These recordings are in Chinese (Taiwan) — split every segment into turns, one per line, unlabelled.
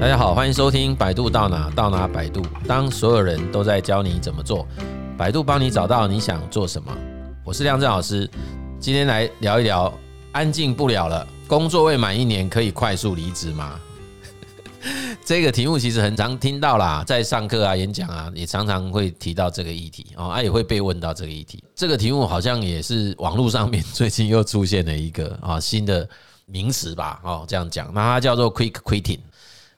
大家好，歡迎收聽百度到哪到哪百度。當所有人都在教你怎麼做，百度幫你找到你想做什麼。我是亮震老師，今天來聊一聊安靜不了了，工作未滿一年可以快速離職嗎？ 這個題目其實很常聽到啦，在上課啊、演講啊，也常常會提到這個議題哦，啊，也會被問到這個議題。這個題目好像也是網絡上面最近又出現了一個啊新的名詞吧？哦，這樣講，那它叫做 quick quitting。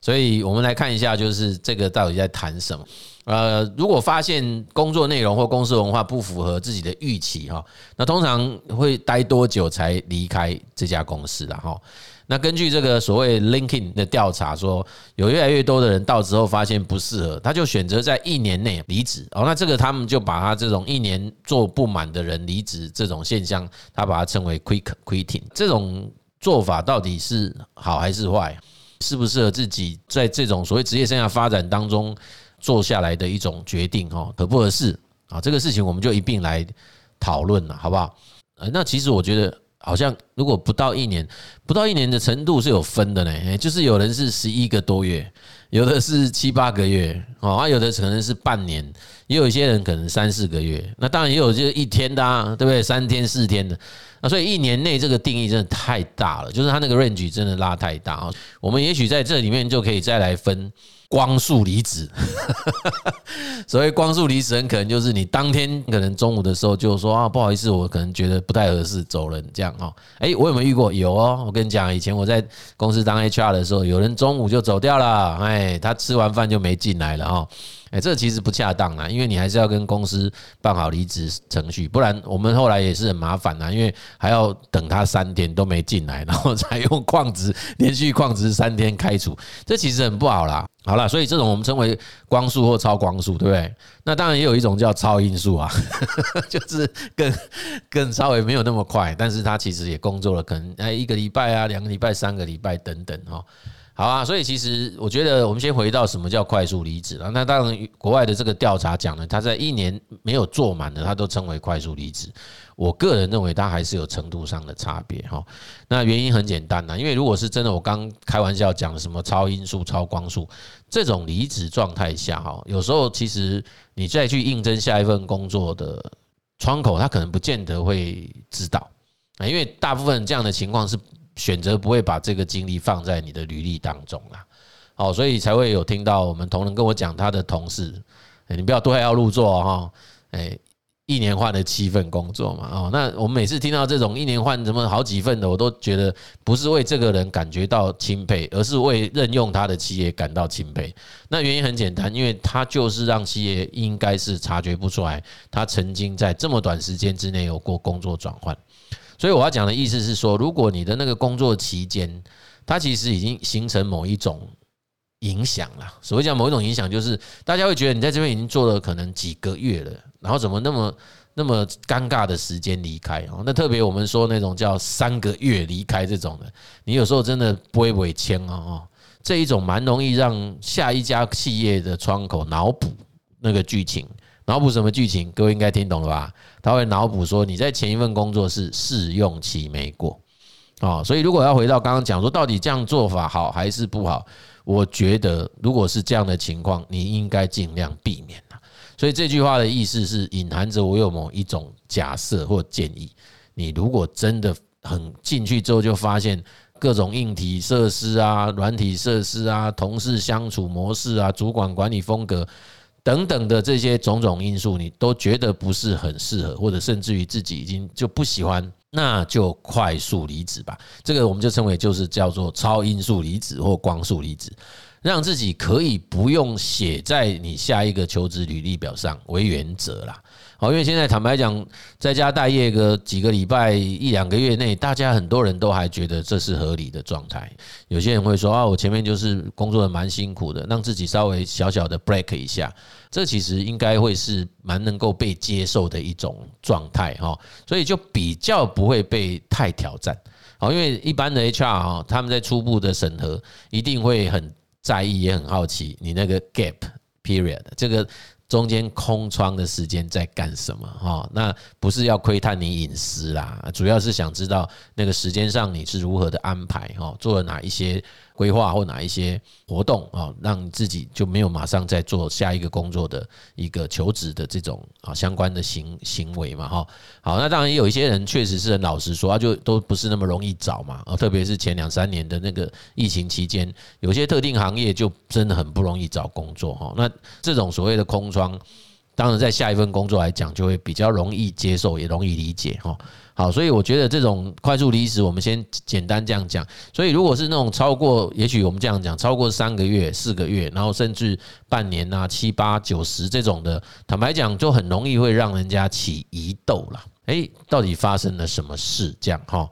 所以我們來看一下，就是這個到底在談什麼？呃，如果發現工作內容或公司文化不符合自己的預期哈，那通常會待多久才離開這家公司的哈？那根據這個所謂 LinkedIn 的調查說，有越來越多的人到職後發現不適合，他就選擇在一年內離職哦。那這個他們就把他這種一年做不滿的人離職這種現象，他把它稱為 quick quitting。這種做法到底是好還是壞？適不適合自己在這種所謂職業生涯發展當中做下來的一種決定哦，合不合適啊？這個事情我們就一併來討論了，好不好？呃，那其實我覺得，好像如果不到一年，不到一年的程度是有分的呢。哎，就是有人是十一個多月，有的是七八個月哦，有的可能是半年，也有一些人可能三四個月。那當然也有就是一天的啊，對不對？三天、四天的。那所以一年內這個定義真的太大了，就是它那個 range 真的拉太大啊。我們也許在這裡面就可以再來分。光速離職，所謂光速離職，很可能就是你當天可能中午的時候就說，啊不好意思，我可能覺得不太合適走人，這樣哦、喔、哎、欸、我有沒有遇過有，哦、喔、我跟你講，以前我在公司當 HR 的時候有人中午就走掉了，哎他吃完飯就沒進來了哦，哎這其實不恰當啦，因為你還是要跟公司辦好離職程序，不然我們後來也是很麻煩啦，因為還要等他三天都沒進來，然後才用曠職，連續曠職三天開除，這其實很不好啦。好了，所以這種我們稱為光速或超光速，對不對？那當然也有一種叫超音速啊， 就是更更稍微沒有那麼快，但是他其實也工作了，可能哎一個禮拜啊，兩個禮拜，三個禮拜等等哈。好啊，所以其實我覺得，我們先回到什麼叫快速離職。那當然，國外的這個調查講呢，它在一年沒有做滿的，它都稱為快速離職。我個人認為，它還是有程度上的差別哈。那原因很簡單吶、啊，因為如果是真的，我剛開玩笑講的什麼超音速、超光速這種離職狀態下哈，有時候其實你再去應徵下一份工作的窗口，他可能不見得會知道啊，因為大部分這樣的情況是。選擇不會把這個精力放在你的履歷當中啦，哦，所以才會有聽到我們同仁跟我講他的同事，你不要對號入座哈，誒，一年換了七份工作嘛，哦，那我們每次聽到這種一年換什麼好幾份的，我都覺得不是為這個人感覺到欽佩，而是為任用他的企業感到欽佩。那原因很簡單，因為他就是讓企業應該是察覺不出來，他曾經在這麼短時間之內有過工作轉換。所以我要講的意思是說，如果你的那個工作期間，它其實已經形成某一種影響了。所謂講某一種影響，就是大家會覺得你在這邊已經做了可能幾個月了，然後怎麼那麼那麼尷尬的時間離開哦？那特別我們說那種叫三個月離開這種的，你有時候真的不會委簽哦。這一種蠻容易讓下一家企業的窗口腦補那個劇情。腦補什麼劇情？各位應該聽懂了吧？他會腦補說你在前一份工作是試用期沒過，啊，所以如果要回到剛剛講，說到底這樣做法好還是不好？我覺得如果是這樣的情況，你應該儘量避免。所以這句話的意思是隱含着我有某一種假設或建議。你如果真的很進去之後，就發現各種硬體設施啊、軟體設施啊、同事相處模式啊、主管管理風格。等等的這些種種因素，你都覺得不是很適合，或者甚至於自己已經就不喜歡，那就快速離職吧。這個我們就稱為就是叫做超音速離職或光速離職，讓自己可以不用寫在你下一個求職履歷表上為原則啦。好，因為現在坦白講，在家待業個幾個禮拜、一兩個月內，大家很多人都還覺得這是合理的狀態。有些人會說：“啊，我前面就是工作的蠻辛苦的，讓自己稍微小小的 break 一下。”這其實應該會是蠻能夠被接受的一種狀態，哈。所以就比較不會被太挑戰。好，因為一般的 HR 他們在初步的審核一定會很在意，也很好奇你那個 gap period 這個。中間空窗的時間在幹什麼？哈，那不是要窺探你隱私啦，主要是想知道那個時間上你是如何的安排，哈，做了哪一些規劃或哪一些活動啊，讓自己就沒有馬上再做下一個工作的一個求職的這種啊相關的行行為嘛哈。好，那當然也有一些人確實是很老實說，他就都不是那麼容易找嘛啊，特別是前兩三年的那個疫情期間，有些特定行業就真的很不容易找工作哈。那這種所謂的空窗，當然在下一份工作來講，就會比較容易接受，也容易理解哈。好，所以我覺得這種快速離職，我們先簡單這樣講。所以如果是那種超過，也許我們這樣講，超過三個月、四個月，然後甚至半年啊、七八、九十這種的，坦白講，就很容易會讓人家起疑竇啦。誒，到底發生了什麼事？這樣哈。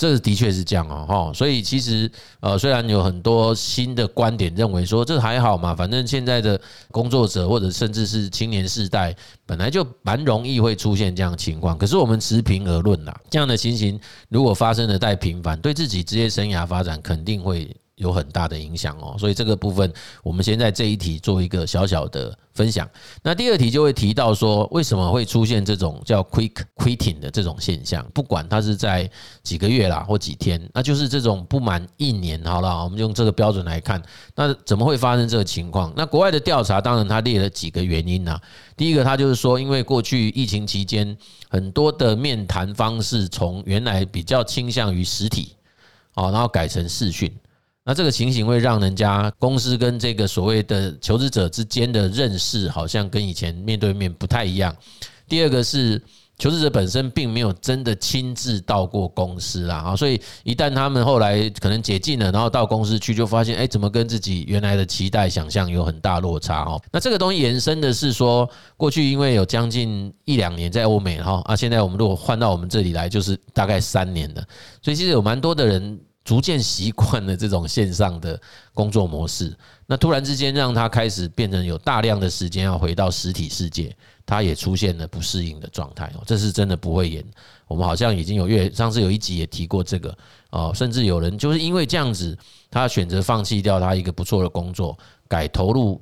這的確是這樣哦，喔，所以其實呃，雖然有很多新的觀點認為說這還好嘛，反正現在的工作者或者甚至是青年世代本來就蠻容易會出現這樣的情況，可是我們持平而論吶，這樣的情形如果發生得太頻繁，對自己職業生涯發展肯定會。有很大的影響哦，所以這個部分我們先在這一題做一個小小的分享。那第二題就會提到說，為什麼會出現這種叫 quick quitting 的這種現象？不管它是在幾個月啦或幾天，那就是這種不滿一年，好了，我們用這個標準來看，那怎麼會發生這個情況？那國外的調查當然它列了幾個原因啊。第一個，它就是說，因為過去疫情期間，很多的面談方式從原來比較傾向於實體啊，然後改成視訊。那這個情形會讓人家公司跟這個所謂的求職者之間的認識，好像跟以前面對面不太一樣。第二個是求職者本身並沒有真的親自到過公司啦，啊，所以一旦他們後來可能解禁了，然後到公司去，就發現，哎，怎麼跟自己原來的期待想象有很大落差哦？那這個東西延伸的是說，過去因為有將近一兩年在歐美哈，啊，現在我們如果換到我們這裡來，就是大概三年了，所以其實有蠻多的人。逐漸習慣了這種線上的工作模式，那突然之間讓他開始變成有大量的時間要回到實體世界，他也出現了不適應的狀態哦，這是真的不會演。我們好像已經有月上次有一集也提過這個哦，甚至有人就是因為這樣子，他選擇放棄掉他一個不錯的工作，改投入。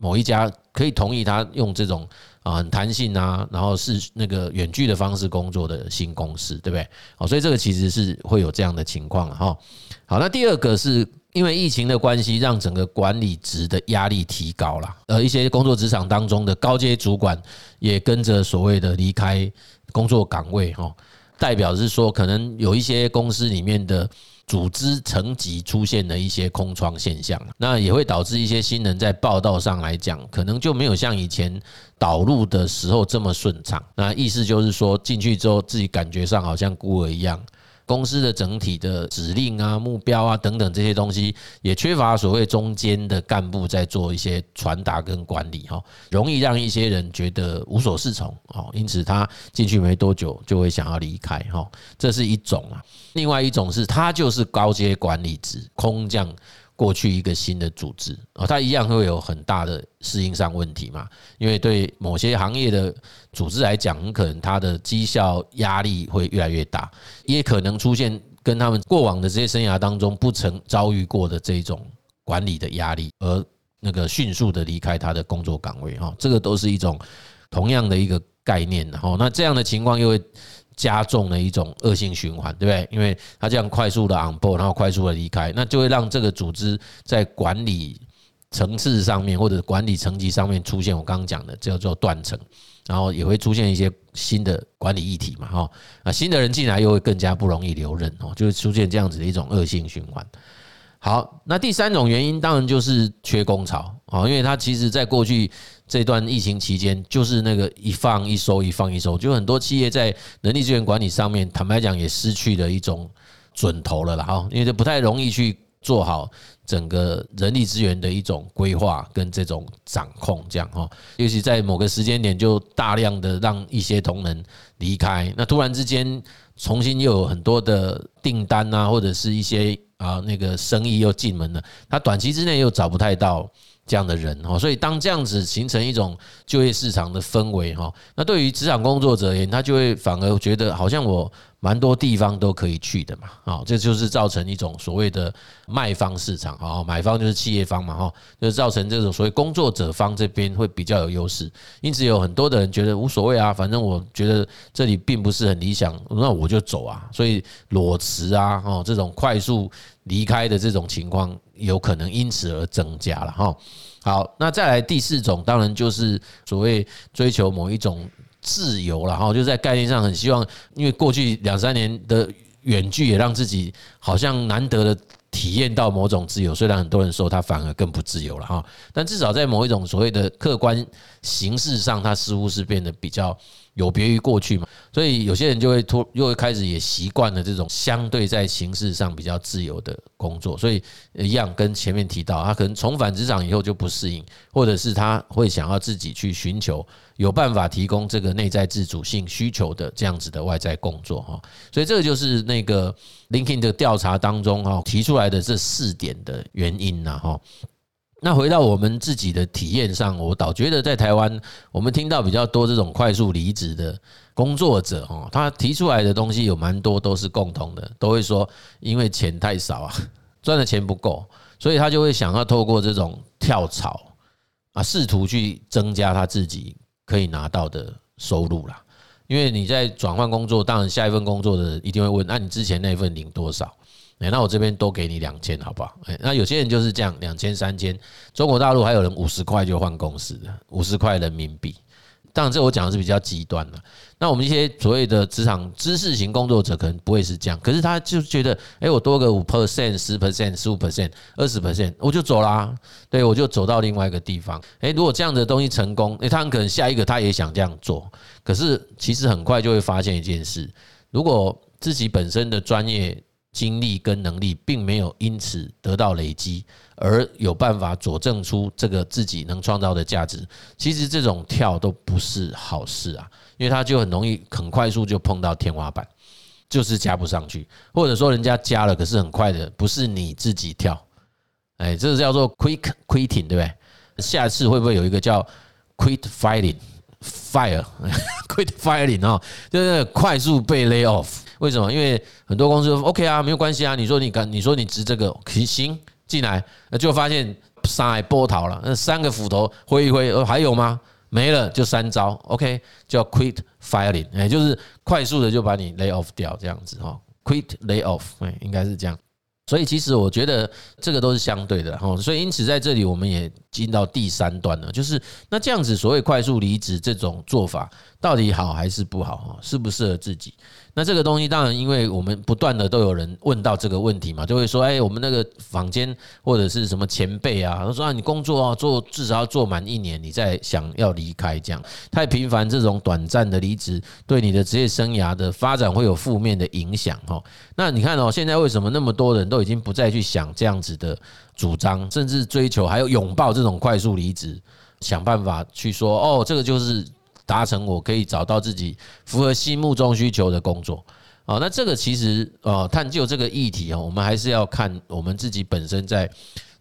某一家可以同意他用這種啊很彈性啊，然後是那個遠距的方式工作的新公司，對不對？好，所以這個其實是會有這樣的情況了哈。好，那第二個是因為疫情的關係，讓整個管理職的壓力提高了。而一些工作職場當中的高階主管也跟着所謂的離開工作崗位哈，代表是說可能有一些公司裡面的。組織層級出現的一些空窗現象，那也會導致一些新人在報道上來講，可能就沒有像以前導入的時候這麼順暢。那意思就是說，進去之後自己感覺上好像孤兒一樣。公司的整體的指令啊、目標啊等等這些東西，也缺乏所謂中間的幹部在做一些傳達跟管理哈，容易讓一些人覺得無所適從哦，因此他進去沒多久就會想要離開哈，這是一種啊；另外一種是他就是高階管理職空降。過去一個新的組織啊，它一樣會有很大的適應上問題嘛。因為對某些行業的組織來講，很可能它的績效壓力會越來越大，也可能出現跟他們過往的這些生涯當中不曾遭遇過的這種管理的壓力，而那個迅速的離開他的工作崗位哈，這個都是一種同樣的一個概念。哈，那這樣的情況又會。加重了一種惡性循環，對不對？因為他這樣快速的 on board，然後快速的離開，那就會讓這個組織在管理層次上面或者管理層級上面出現我剛剛講的叫做斷層，然後也會出現一些新的管理議題嘛，哈啊，新的人進來又會更加不容易留任哦，就會出現這樣子的一種惡性循環。好，那第三種原因當然就是缺工潮啊，因為他其實在過去。這段疫情期間，就是那個一放一收一放一收，就很多企業在人力資源管理上面，坦白講也失去了一種準頭了啦。哈，因為就不太容易去做好整個人力資源的一種規劃跟這種掌控，這樣哈，尤其在某個時間點就大量的讓一些同仁離開，那突然之間。重新又有很多的訂單啊，或者是一些啊那個生意又進門了，他短期之內又找不太到這樣的人哈，所以當這樣子形成一種就業市場的氛圍哈，那對於職場工作者而言，他就會反而覺得好像我。蠻多地方都可以去的嘛，啊，這就是造成一種所謂的賣方市場啊，買方就是企業方嘛，哈，就是造成這種所謂工作者方這邊會比較有優勢，因此有很多的人覺得無所謂啊，反正我覺得這裡並不是很理想，那我就走啊，所以裸辭啊，哦，這種快速離開的這種情況有可能因此而增加了哈。好，那再來第四種，當然就是所謂追求某一種。自由了哈，就在概念上很希望，因為過去兩三年的遠距也讓自己好像難得的體驗到某種自由，雖然很多人說他反而更不自由了哈，但至少在某一種所謂的客觀形式上，他似乎是變得比較有別於過去嘛，所以有些人就會突又會開始也習慣了這種相對在形式上比較自由的工作，所以一樣跟前面提到，他可能重返職場以後就不適應，或者是他會想要自己去尋求有辦法提供這個內在自主性需求的這樣子的外在工作哈，所以這個就是那個 LinkedIn 的調查當中哈提出來的這四點的原因吶哈。那回到我們自己的體驗上，我倒覺得在台灣，我們聽到比較多這種快速離職的工作者哦，他提出來的東西有蠻多都是共同的，都會說因為錢太少啊，賺的錢不夠，所以他就會想要透過這種跳槽啊，試圖去增加他自己可以拿到的收入啦。因為你在轉換工作，當然下一份工作的一定會問啊，那你之前那份領多少？誒那我這邊多給你兩千，好不好？誒那有些人就是這樣，兩千、三千，中國大陸還有人五十塊就換公司了，五十塊人民幣。當然，這我講的是比較極端的。那我們一些所謂的職場知識型工作者，可能不會是這樣。可是他就是覺得，哎、欸，我多個五 percent、十 percent、十五 percent、二十 percent，我就走啦。對，我就走到另外一個地方。哎、欸，如果這樣的東西成功，誒、欸、他很可能下一個他也想這樣做。可是其實很快就會發現一件事：如果自己本身的專業，精力跟能力並沒有因此得到累積，而有辦法佐證出這個自己能創造的價值。其實這種跳都不是好事啊，因為他就很容易、很快速就碰到天花板，就是加不上去，或者說人家加了，可是很快的，不是你自己跳。哎，這個叫做 quick quitting，對不對？下次會不會有一個叫 quit firing fire quit firing 哦，就是快速被 lay off。為什麼？因為很多公司 OK 啊，沒有關係啊。你說你你說你值這個，可行進來，那就發現上海波濤了。那三個斧頭揮一揮，還有嗎？沒了，就三招 OK，叫 quit firing，也就是快速的就把你 lay off 掉這樣子哈，quit lay off，應該是這樣。所以其實我覺得這個都是相對的哈。所以因此在這裡我們也進到第三段了，就是那這樣子所謂快速離職這種做法到底好還是不好，適不適合自己？那這個東西當然，因為我們不斷的都有人問到這個問題嘛，就會說，哎，我們那個坊間或者是什麼前輩啊，好像說啊，你工作啊做至少要做滿一年，你再想要離開這樣，太頻繁這種短暫的離職，對你的職業生涯的發展會有負面的影響哦。那你看哦、喔，現在為什麼那麼多人都已經不再去想這樣子的主張，甚至追求還有擁抱這種快速離職，想辦法去說哦、喔，這個就是。達成我可以找到自己符合心目中需求的工作，好，那這個其實呃，探究這個議題啊，我們還是要看我們自己本身在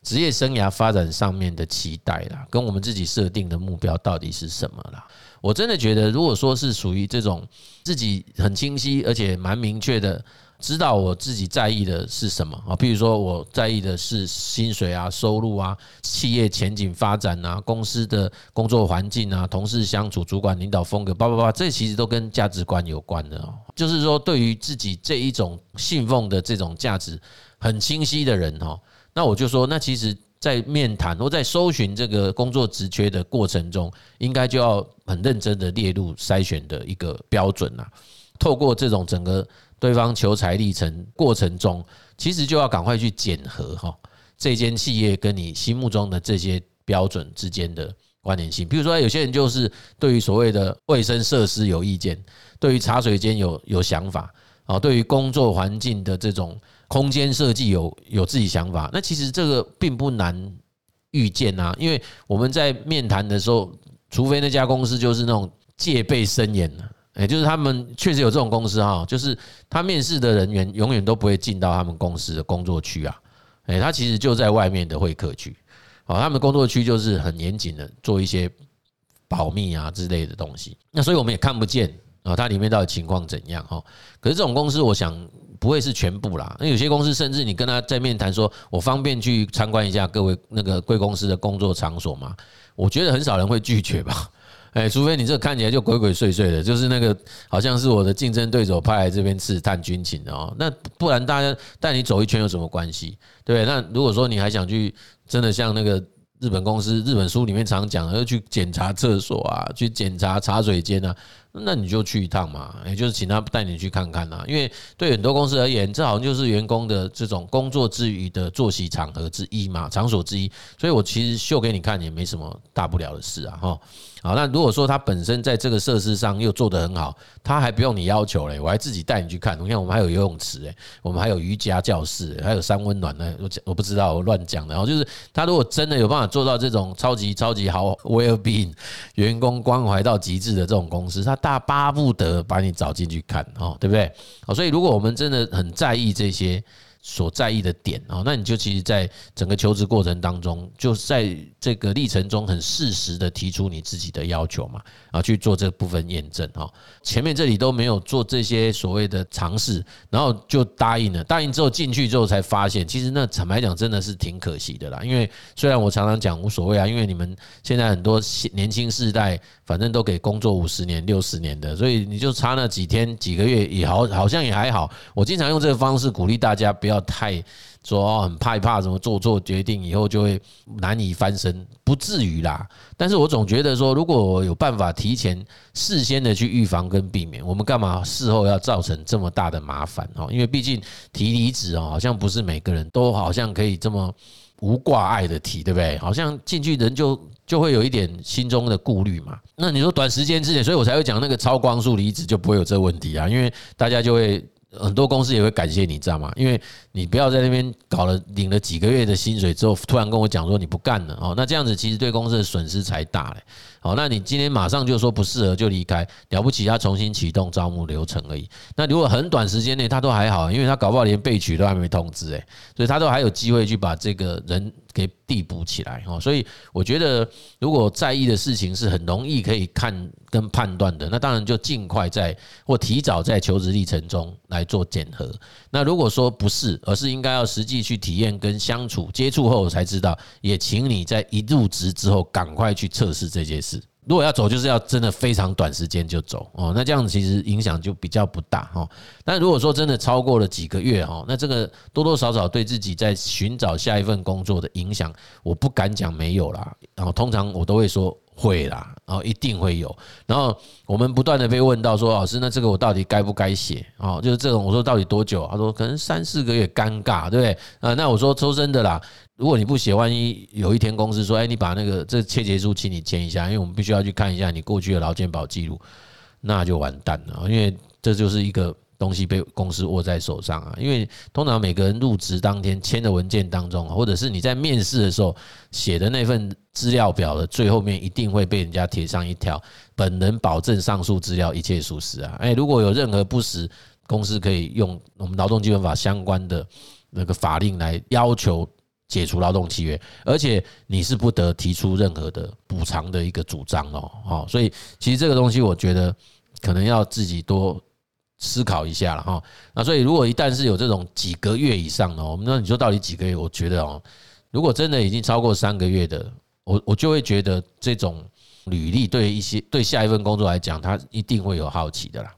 職業生涯發展上面的期待啦，跟我們自己設定的目標到底是什麼啦。我真的覺得，如果說是屬於這種自己很清晰而且蠻明確的。知道我自己在意的是什麼啊？譬如說我在意的是薪水啊、收入啊、企業前景發展吶、啊、公司的工作環境啊、同事相處、主管領導風格，叭叭叭，這其實都跟價值觀有關的。就是說，對於自己這一種信奉的這種價值很清晰的人哈，那我就說，那其實在面談或在搜尋這個工作職缺的過程中，應該就要很認真的列入篩選的一個標準了、啊。透過這種整個。對方求才歷程過程中，其實就要趕快去檢核哈，這間企業跟你心目中的這些標準之間的關聯性。比如說，有些人就是對於所謂的衛生設施有意見，對於茶水間有有想法啊，對於工作環境的這種空間設計有有自己想法。那其實這個並不難預見啊，因為我們在面談的時候，除非那家公司就是那種戒備森嚴也就是他們確實有這種公司哈，就是他面試的人員永遠都不會進到他們公司的工作區啊，哎，他其實就在外面的會客區，好，他們的工作區就是很嚴謹的做一些保密啊之類的東西，那所以我們也看不見啊，它裡面到底情況怎樣哈？可是這種公司我想不會是全部啦，那有些公司甚至你跟他在面談說，我方便去參觀一下各位那個貴公司的工作場所嗎？我覺得很少人會拒絕吧。誒，除非你這看起來就鬼鬼祟祟的，就是那個好像是我的競爭對手派來這邊刺探軍情的哦、喔，那不然大家帶你走一圈有什麼關係？對不對？那如果說你還想去，真的像那個日本公司，日本書裡面常講的，要去檢查廁所啊，去檢查茶水間啊。那你就去一趟嘛，也就是請他帶你去看看吶。因為對很多公司而言，這好像就是員工的這種工作之餘的作息場合之一嘛，場所之一。所以我其實秀給你看也沒什麼大不了的事啊，哈。好，那如果說他本身在這個設施上又做的很好，他還不用你要求嘞，我還自己帶你去看。你看，我們還有游泳池，哎，我們還有瑜伽教室，還有三溫暖呢。我我不知道，我亂講的。然後就是，他如果真的有辦法做到這種超級超級好 w e r e being，員工關懷到極致的這種公司，他。他巴不得把你找進去看哦，對不對？所以如果我們真的很在意這些。所在意的點啊，那你就其實，在整個求職過程當中，就在這個歷程中很適時的提出你自己的要求嘛，啊，去做這部分驗證哈，前面這裡都沒有做這些所謂的嘗試，然後就答應了，答應之後進去之後才發現，其實那坦白講真的是挺可惜的啦。因為雖然我常常講無所謂啊，因為你們現在很多年輕世代，反正都給工作五十年、六十年的，所以你就差那幾天、幾個月也好，好像也還好。我經常用這個方式鼓勵大家不要。太說很害怕，什麼做做決定以後就會難以翻身，不至於啦。但是我總覺得說，如果我有辦法提前、事先的去預防跟避免，我們幹嘛事後要造成這麼大的麻煩哦？因為畢竟提離職哦，好像不是每個人都好像可以這麼無掛礙的提，對不對？好像進去人就就會有一點心中的顧慮嘛。那你說短時間之內，所以我才會講那個超光速離職就不會有這問題啊，因為大家就會。很多公司也會感謝你，知道嗎？因為你不要在那邊搞了，領了幾個月的薪水之後，突然跟我講說你不幹了哦，那這樣子其實對公司的損失才大嘞。好，那你今天馬上就說不適合就離開，了不起他重新啟動招募流程而已。那如果很短時間內他都還好，因為他搞不好連備取都還沒通知誒。所以他都還有機會去把這個人。給遞補起來，所以我覺得，如果在意的事情是很容易可以看跟判斷的，那當然就儘快在或提早在求職歷程中來做檢核。那如果說不是，而是應該要實際去體驗跟相處接觸後才知道，也請你在一入職之後趕快去測試這件事。如果要走，就是要真的非常短時間就走哦，那這樣子其實影響就比較不大哈。但如果說真的超過了幾個月哈，那這個多多少少對自己在尋找下一份工作的影響，我不敢講沒有啦。然後通常我都會說。會啦，然後一定會有。然後我們不斷的被問到說：“老師，那這個我到底該不該寫？”哦，就是這種。我說：“到底多久？”他說：“可能三四個月，尷尬，對不對？”啊，那我說：“抽身的啦。如果你不寫，萬一有一天公司說：‘哎，你把那個這個切結書請你簽一下，因為我們必須要去看一下你過去的勞健保記錄，那就完蛋了。’因為這就是一個。”東西被公司握在手上啊，因為通常每個人入職當天簽的文件當中，或者是你在面試的時候寫的那份資料表的最後面，一定會被人家貼上一條“本人保證上述資料一切屬實”啊。哎，如果有任何不實，公司可以用我們勞動基本法相關的那個法令來要求解除勞動契約，而且你是不得提出任何的補償的一個主張哦。好，所以其實這個東西，我覺得可能要自己多。思考一下了哈，那所以如果一旦是有這種幾個月以上的，我們，那你說到底幾個月？我覺得哦、喔，如果真的已經超過三個月的，我我就會覺得這種履歷對一些對下一份工作來講，他一定會有好奇的啦。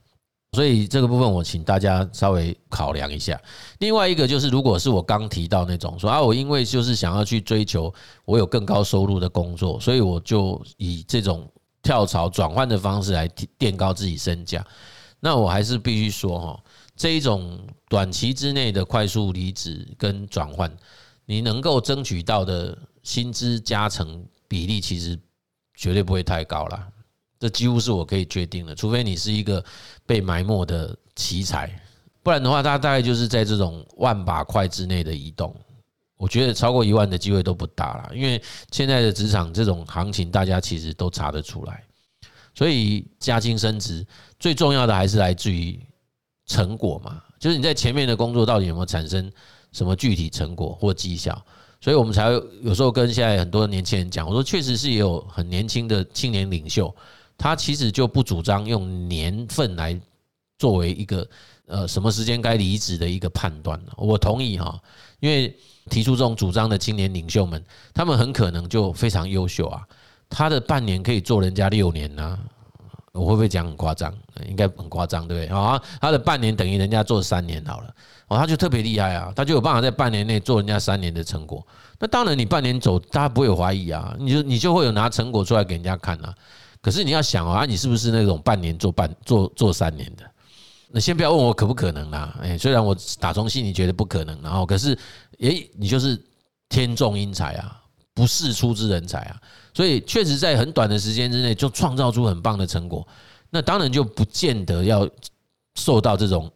所以這個部分我請大家稍微考量一下。另外一個就是，如果是我剛提到那種說啊，我因為就是想要去追求我有更高收入的工作，所以我就以這種跳槽轉換的方式來墊高自己身價。那我還是必須說哈，這一種短期之內的快速離職跟轉換，你能夠爭取到的薪資加成比例其實絕對不會太高啦，這幾乎是我可以確定的。除非你是一個被埋沒的奇才，不然的話，大家大概就是在這種萬把塊之內的移動，我覺得超過一萬的機會都不大啦，因為現在的職場這種行情，大家其實都查得出來。所以加薪升職最重要的還是來自於成果嘛，就是你在前面的工作到底有沒有產生什麼具體成果或績效，所以我們才有時候跟現在很多年輕人講，我說確實是也有很年輕的青年領袖，他其實就不主張用年份來作為一個呃什麼時間該離職的一個判斷。我同意哈，因為提出這種主張的青年領袖們，他們很可能就非常優秀啊。他的半年可以做人家六年呢，啊，我會不會講很誇張？應該很誇張，對不對啊？他的半年等於人家做三年好了，哦，他就特別厲害啊，他就有辦法在半年內做人家三年的成果。那當然，你半年走，大家不會有懷疑啊，你就你就會有拿成果出來給人家看啊。可是你要想啊，啊，你是不是那種半年做半做做三年的？你先不要問我可不可能啦，哎，雖然我打從心裡覺得不可能，然後可是，哎，你就是天縱英才啊。不是出資人才啊，所以確實在很短的時間之內就創造出很棒的成果，那當然就不見得要受到這種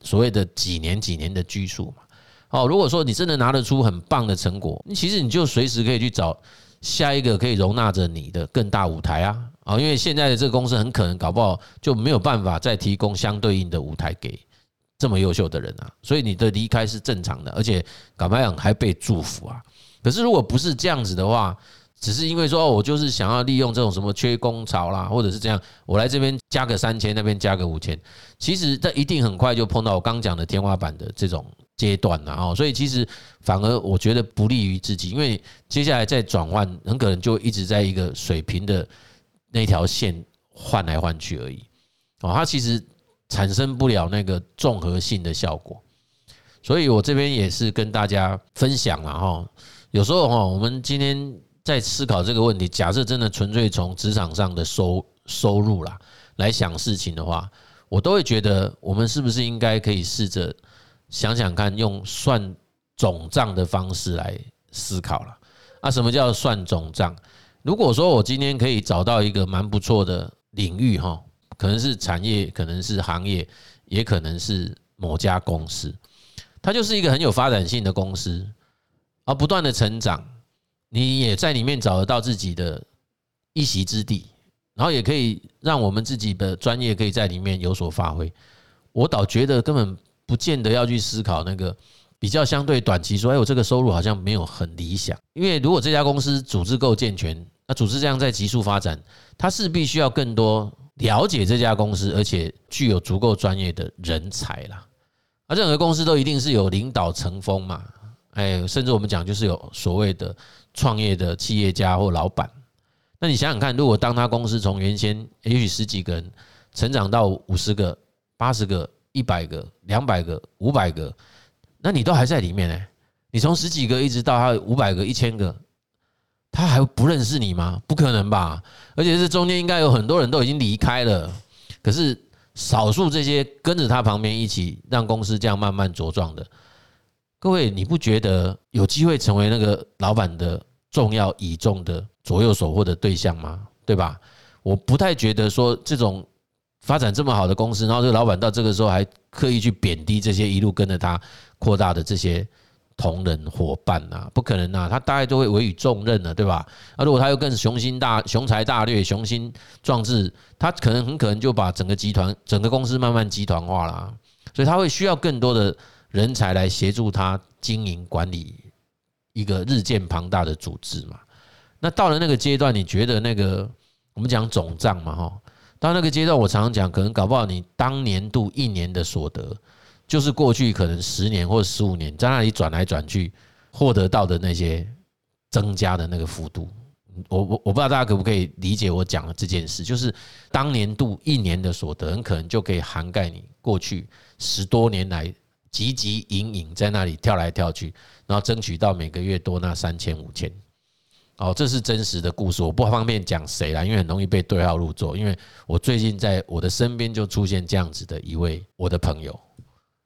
所謂的幾年幾年的拘束嘛。哦，如果說你真的拿得出很棒的成果，其實你就隨時可以去找下一個可以容納着你的更大舞台啊。啊，因為現在的這個公司很可能搞不好就沒有辦法再提供相對應的舞台給這麼優秀的人啊，所以你的離開是正常的，而且搞不好還被祝福啊。可是，如果不是這樣子的話，只是因為說我就是想要利用這種什麼缺工潮啦，或者是這樣，我來這邊加個三千，那邊加個五千，其實這一定很快就碰到我剛講的天花板的這種階段了啊！所以其實反而我覺得不利於自己，因為接下來再轉換，很可能就一直在一個水平的那條線換來換去而已哦。它其實產生不了那個綜合性的效果，所以我這邊也是跟大家分享了哈。有時候哈，我們今天在思考這個問題。假設真的純粹從職場上的收收入啦來想事情的話，我都會覺得，我們是不是應該可以試着想想看，用算總賬的方式來思考啦。啊，什麼叫算總賬？如果說我今天可以找到一個蠻不錯的領域哈，可能是產業，可能是行業，也可能是某家公司，它就是一個很有發展性的公司，而不斷的成長，你也在裡面找得到自己的一席之地，然後也可以讓我們自己的專業可以在裡面有所發揮。我倒覺得根本不見得要去思考那個比較相對短期說，哎，我這個收入好像沒有很理想。因為如果這家公司組織夠健全，那組織這樣在急速發展，它勢必需要更多了解這家公司，而且具有足夠專業的人才啦。而任何公司都一定是有領導成風嘛。哎，甚至我們講就是有所謂的創業的企業家或老板，那你想想看，如果當他公司從原先也許十幾個人成長到五十個、八十個、一百個、兩百個、五百個，那你都還在裡面呢？你從十幾個一直到他五百個、一千個，他還不認識你嗎？不可能吧？而且這中間應該有很多人都已經離開了，可是少數這些跟着他旁邊一起讓公司這樣慢慢茁壯的。各位，你不覺得有機會成為那個老板的重要倚重的左右手或者對象嗎？對吧？我不太覺得說這種發展這麼好的公司，然後這個老板到這個時候還刻意去貶低這些一路跟着他擴大的這些同仁夥伴啊，不可能啊！他大概都會委以重任了，對吧？啊，如果他又更雄心大、雄才大略、雄心壯志，他可能很可能就把整個集團、整個公司慢慢集團化了，所以他會需要更多的。人才來協助他經營管理一個日漸龐大的組織嘛。那到了那個階段，你覺得那個我們講總賬嘛。哈，到那個階段，我常常講，可能搞不好你當年度一年的所得，就是過去可能十年或者十五年在那裡轉來轉去獲得到的那些增加的那個幅度。我我我不知道大家可不可以理解我講的這件事，就是當年度一年的所得，很可能就可以涵蓋你過去十多年來汲汲營營在那裡跳來跳去，然後爭取到每個月多拿三千五千。哦，這是真實的故事，我不方便講誰啦，因為很容易被對號入座。因為我最近在我的身邊就出現這樣子的一位我的朋友，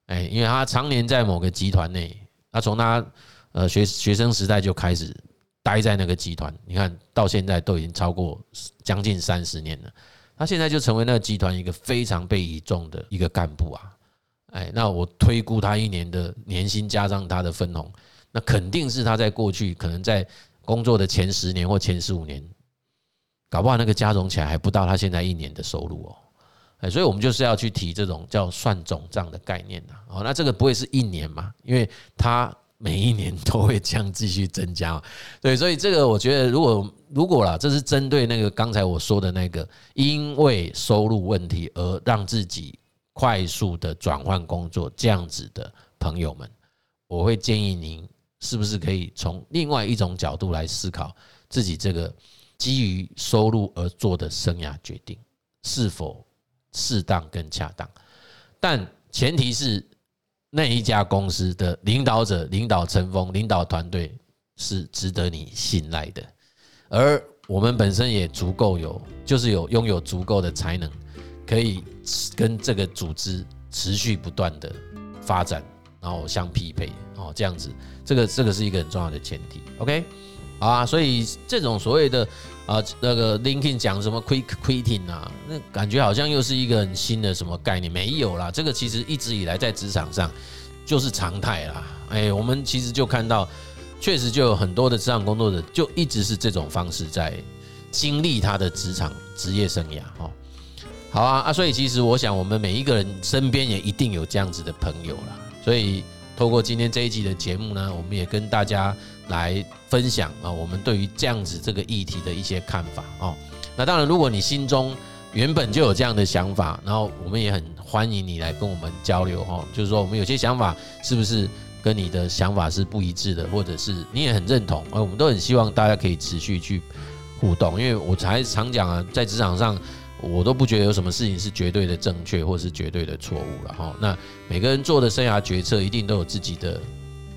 哎，因為他常年在某個集團內，他從他呃學學生時代就開始待在那個集團，你看到現在都已經超過將近三十年了，他現在就成為那個集團一個非常被倚重的一個幹部啊。哎，那我推估他一年的年薪加上他的分紅，那肯定是他在過去可能在工作的前十年或前十五年，搞不好那個加總起來還不到他現在一年的收入哦。哎，所以我們就是要去提這種叫算總賬的概念吶。哦，那這個不會是一年嘛，因為他每一年都會這樣繼續增加。對，所以這個我覺得，如果如果啦，這是針對那個剛才我說的那個，因為收入問題而讓自己。快速的轉換工作，這樣子的朋友們，我會建議您，是不是可以從另外一種角度來思考自己這個基於收入而做的生涯決定是否適當更恰當？但前提是那一家公司的領導者、領導層、領導團隊是值得你信賴的，而我們本身也足夠有，就是有擁有足夠的才能，可以。跟這個組織持續不斷的發展，然後相匹配哦，這樣子，這個這個是一個很重要的前提，OK，好啊，所以這種所謂的啊那個 LinkedIn 講什麼 quick quitting 啊，那感覺好像又是一個很新的什麼概念，沒有啦，這個其實一直以來在職場上就是常態啦，哎，我們其實就看到，確實就有很多的職場工作者就一直是這種方式在經歷他的職場職業生涯哦。好啊，啊，所以其實我想，我們每一個人身邊也一定有這樣子的朋友啦。所以，透過今天這一集的節目呢，我們也跟大家來分享啊，我們對於這樣子這個議題的一些看法哦。那當然，如果你心中原本就有這樣的想法，然後我們也很歡迎你來跟我們交流哦，就是說，我們有些想法是不是跟你的想法是不一致的，或者是你也很認同？而我們都很希望大家可以持續去互動，因為我才常講啊，在職場上。我都不覺得有什麼事情是絕對的正確或是絕對的錯誤了哈。那每個人做的生涯決策一定都有自己的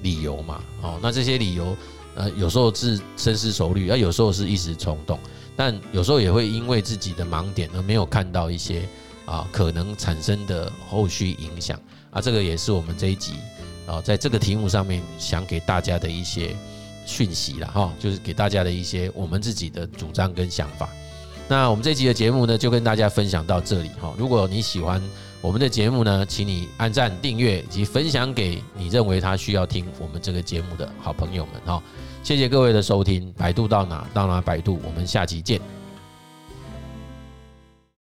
理由嘛。哦，那這些理由，呃，有時候是深思熟慮，有時候是一時衝動，但有時候也會因為自己的盲點而沒有看到一些啊可能產生的後續影響啊。這個也是我們這一集啊，在這個題目上面想給大家的一些訊息了哈，就是給大家的一些我們自己的主張跟想法。那我們這期的節目呢，就跟大家分享到這裡哈。如果你喜歡我們的節目呢，請你按贊、訂閱以及分享給你認為他需要聽我們這個節目的好朋友們哈。謝謝各位的收聽，百度到哪到哪百度，我們下期見。